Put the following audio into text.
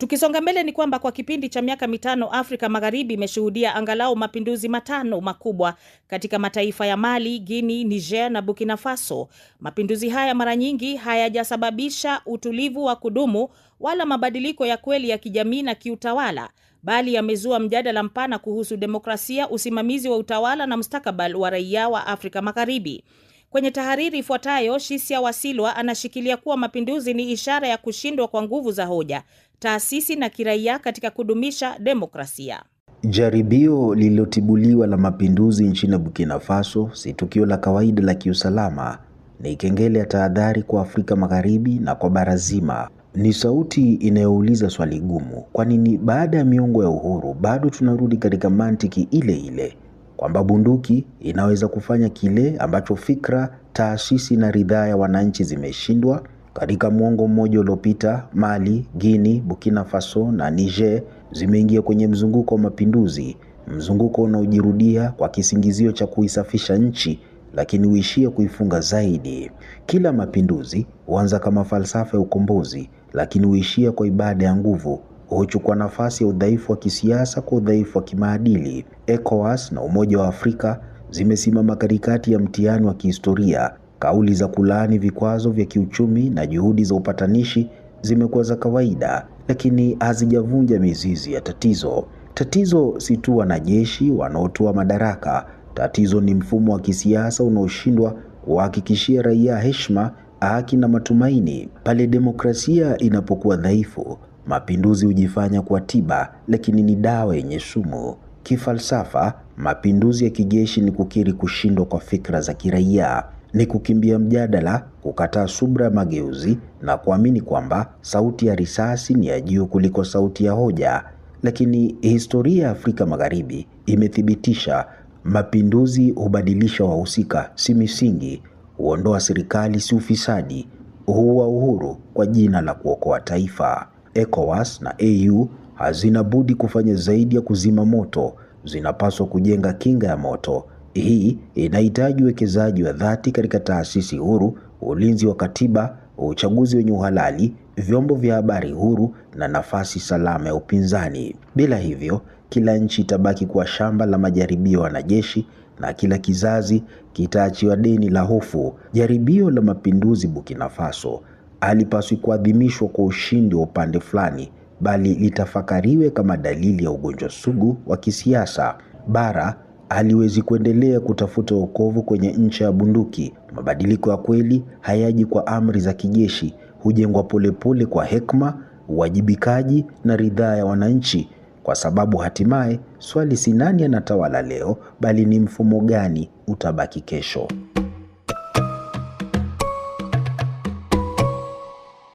Tukisonga mbele ni kwamba kwa kipindi cha miaka mitano Afrika Magharibi imeshuhudia angalau mapinduzi matano makubwa katika mataifa ya Mali, Guinea, Niger na Burkina Faso. Mapinduzi haya mara nyingi hayajasababisha utulivu wa kudumu wala mabadiliko ya kweli ya kijamii na kiutawala, bali yamezua mjadala mpana kuhusu demokrasia, usimamizi wa utawala na mustakabali wa raia wa Afrika Magharibi. Kwenye tahariri ifuatayo, Shisia Wasilwa anashikilia kuwa mapinduzi ni ishara ya kushindwa kwa nguvu za hoja, taasisi na kiraia katika kudumisha demokrasia. Jaribio lililotibuliwa la mapinduzi nchini Burkina Faso si tukio la kawaida la kiusalama, ni kengele ya tahadhari kwa Afrika Magharibi na kwa bara zima. Ni sauti inayouliza swali gumu: kwa nini baada ya miongo ya uhuru bado tunarudi katika mantiki ile ile? kwamba bunduki inaweza kufanya kile ambacho fikra, taasisi na ridhaa ya wananchi zimeshindwa. Katika mwongo mmoja uliopita, Mali, guini Burkina Faso na Niger zimeingia kwenye mzunguko wa mapinduzi, mzunguko unaojirudia kwa kisingizio cha kuisafisha nchi lakini huishia kuifunga zaidi. Kila mapinduzi huanza kama falsafa ya ukombozi, lakini huishia kwa ibada ya nguvu huchukua nafasi ya udhaifu wa kisiasa kwa udhaifu wa kimaadili. ECOWAS na Umoja wa Afrika zimesimama katikati ya mtihani wa kihistoria. Kauli za kulaani vikwazo vya kiuchumi na juhudi za upatanishi zimekuwa za kawaida, lakini hazijavunja mizizi ya tatizo. Tatizo si tu wanajeshi wanaotoa madaraka. Tatizo ni mfumo wa kisiasa unaoshindwa kuhakikishia raia heshima, haki na matumaini. Pale demokrasia inapokuwa dhaifu, Mapinduzi hujifanya kwa tiba, lakini ni dawa yenye sumu. Kifalsafa, mapinduzi ya kijeshi ni kukiri kushindwa kwa fikra za kiraia, ni kukimbia mjadala, kukataa subra ya mageuzi na kuamini kwamba sauti ya risasi ni ya juu kuliko sauti ya hoja. Lakini historia ya Afrika Magharibi imethibitisha mapinduzi hubadilisha wahusika, si misingi; huondoa serikali, si ufisadi; huua uhuru kwa jina la kuokoa taifa. ECOWAS na AU hazina budi kufanya zaidi ya kuzima moto, zinapaswa kujenga kinga ya moto. Hii inahitaji uwekezaji wa dhati katika taasisi huru, ulinzi wa katiba, uchaguzi wenye uhalali, vyombo vya habari huru na nafasi salama ya upinzani. Bila hivyo, kila nchi itabaki kuwa shamba la majaribio ya wanajeshi na kila kizazi kitaachiwa deni la hofu. Jaribio la mapinduzi Burkina Faso halipaswi kuadhimishwa kwa ushindi wa upande fulani, bali litafakariwe kama dalili ya ugonjwa sugu wa kisiasa. Bara haliwezi kuendelea kutafuta wokovu kwenye ncha ya bunduki. Mabadiliko ya kweli hayaji kwa amri za kijeshi, hujengwa polepole kwa hekma uwajibikaji na ridhaa ya wananchi, kwa sababu hatimaye swali si nani anatawala leo, bali ni mfumo gani utabaki kesho.